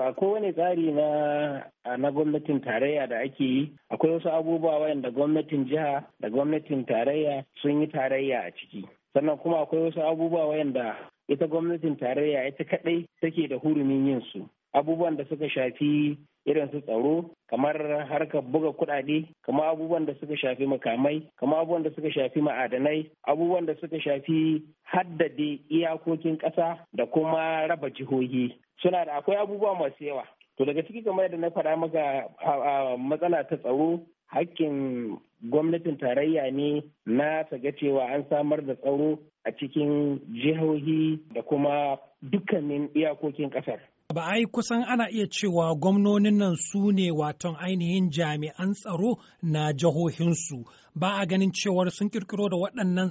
akwai kowane tsari na na gwamnatin tarayya da ake yi akwai wasu abubuwa wayanda gwamnatin jiha da gwamnatin tarayya sun yi tarayya a ciki sannan kuma akwai wasu abubuwa wayanda ita gwamnatin tarayya ita kadai take da hurumin yin su abubuwan da suka shafi irin su tsaro kamar harkar buga kuɗaɗe kamar abubuwan da suka shafi makamai kamar abubuwan da suka shafi ma'adanai abubuwan da suka shafi haddade iyakokin ƙasa da kuma raba jihohi suna da akwai abubuwa masu yawa to daga ciki kamar da na faɗa maka matsala ta tsaro hakkin gwamnatin tarayya ne na ta cewa an samar da tsaro a cikin jihohi da kuma dukkanin iyakokin ƙasar ba yi kusan ana iya cewa gwamnonin nan su ne waton ainihin jami'an tsaro na jihohinsu ba a ganin cewar sun kirkiro da waɗannan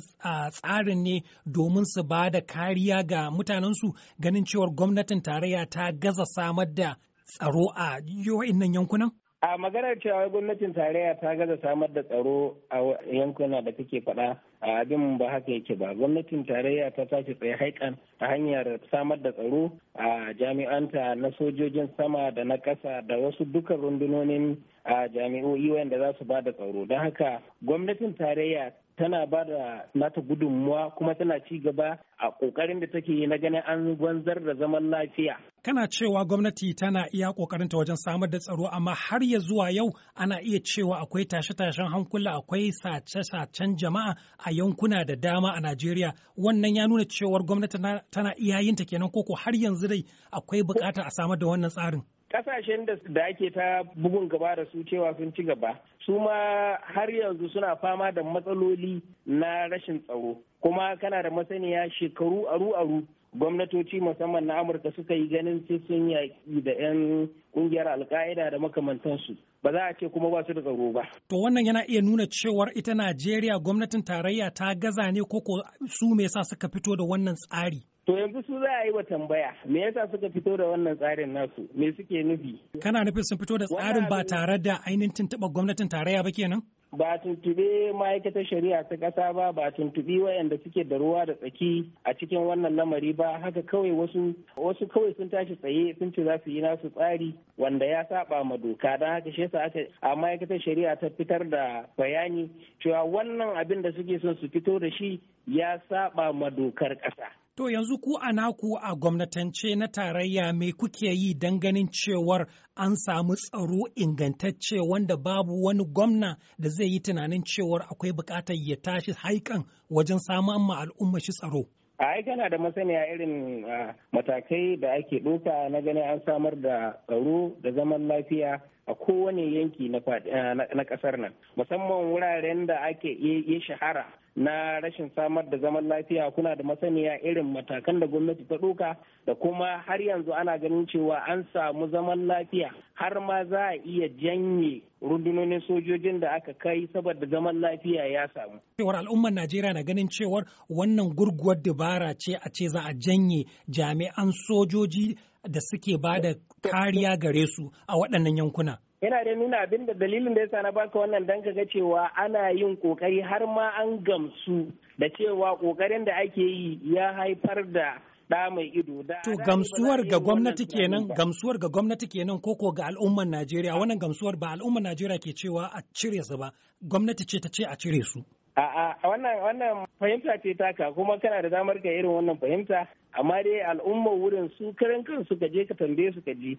tsarin ne domin su ba da kariya ga mutanensu ganin cewar gwamnatin tarayya ta gaza samar da tsaro a nan yankunan? a maganar cewa gwamnatin tarayya ta gaza samar da tsaro a yankuna da kake faɗa a abin ba haka yake ba gwamnatin tarayya ta tashi tsaye haikan a hanyar samar da tsaro a jami'anta na sojojin sama da na ƙasa da wasu dukkan rundunonin a jami'o'i wanda za su ba da tsaro don haka gwamnatin tarayya tana ba da nata gudunmuwa kuma tana ci gaba a ƙoƙarin da take yi na ganin an gwanzar da zaman lafiya. Kana cewa gwamnati tana iya ƙoƙarinta wajen samar da tsaro amma har ya zuwa yau ana iya cewa akwai tashe-tashen hankula akwai sace-sacen jama'a a yankuna da dama a Najeriya wannan ya nuna cewar gwamnati tana iya yinta kenan koko har yanzu dai akwai buƙatar a samar da wannan tsarin. Ƙasashen da ake ta bugun gaba da su cewa sun ci gaba su ma har yanzu suna fama da matsaloli na rashin tsaro kuma kana da masaniya shekaru aru-aru gwamnatoci musamman na amurka suka yi ganin sai sun yaƙi da 'yan ƙungiyar alka'ida da makamantansu ba za a ce kuma ba su da tsaro ba. To wannan yana iya nuna cewar ita Najeriya gwamnatin tarayya ta gaza ne koko su me sa suka fito da wannan tsari? To yanzu su za a yi wa tambaya me yasa suka fito da wannan tsarin nasu me suke nufi? Kana nufin sun fito da tsarin ba tare da ainihin tuntuɓa gwamnatin tarayya ba kenan? Ba tuntuɓe ma'aikatar shari'a ta ƙasa ba ba tuntuɓi wayanda suke da ruwa da tsaki a cikin wannan lamari ba haka kawai wasu wasu kawai sun tashi tsaye sun ce za su yi nasu tsari wanda ya saɓa ma doka don haka shi yasa aka a ma'aikatar shari'a ta fitar da bayani cewa wannan abin da suke son su fito da shi ya saɓa ma dokar ƙasa. To yanzu ku a naku a gwamnatance na tarayya me kuke yi don ganin cewar an samu tsaro ingantacce wanda babu wani gwamna da zai yi tunanin cewar akwai bukatar ya tashi haikan wajen samun ma al'umma shi tsaro. A gana da masaniya irin ah, matakai da ake ɗoka na ganin an samar da tsaro da zaman lafiya a kowane yanki na kasar eh, nan musamman wuraren da ake yi shahara na rashin samar da zaman lafiya kuna da masaniya irin matakan da gwamnati ta ɗauka da kuma har yanzu ana ganin cewa an samu zaman lafiya har ma za a iya janye rundunonin sojojin da aka kai saboda zaman lafiya ya samu. Cewar al'ummar Najeriya na ganin cewar wannan gurguwar dabara ce a ce za a janye jami'an sojoji da suke ba da kariya gare su a waɗannan yankuna. yana da nuna abin da dalilin da yasa na baka wannan dan ga cewa ana yin kokari har ma an gamsu da cewa kokarin da ake yi ya haifar da ɗa mai ido to gamsuwar ga gwamnati kenan gamsuwar ga gwamnati kenan koko ga al'umman Najeriya wannan gamsuwar ba al'ummar Najeriya ke cewa a cire su ba gwamnati ce ta ce a cire su A'a wannan fahimta ce taka kuma kana da damar ka irin wannan fahimta amma dai al'ummar wurin su karan kansu ka je ka tambaye su ka ji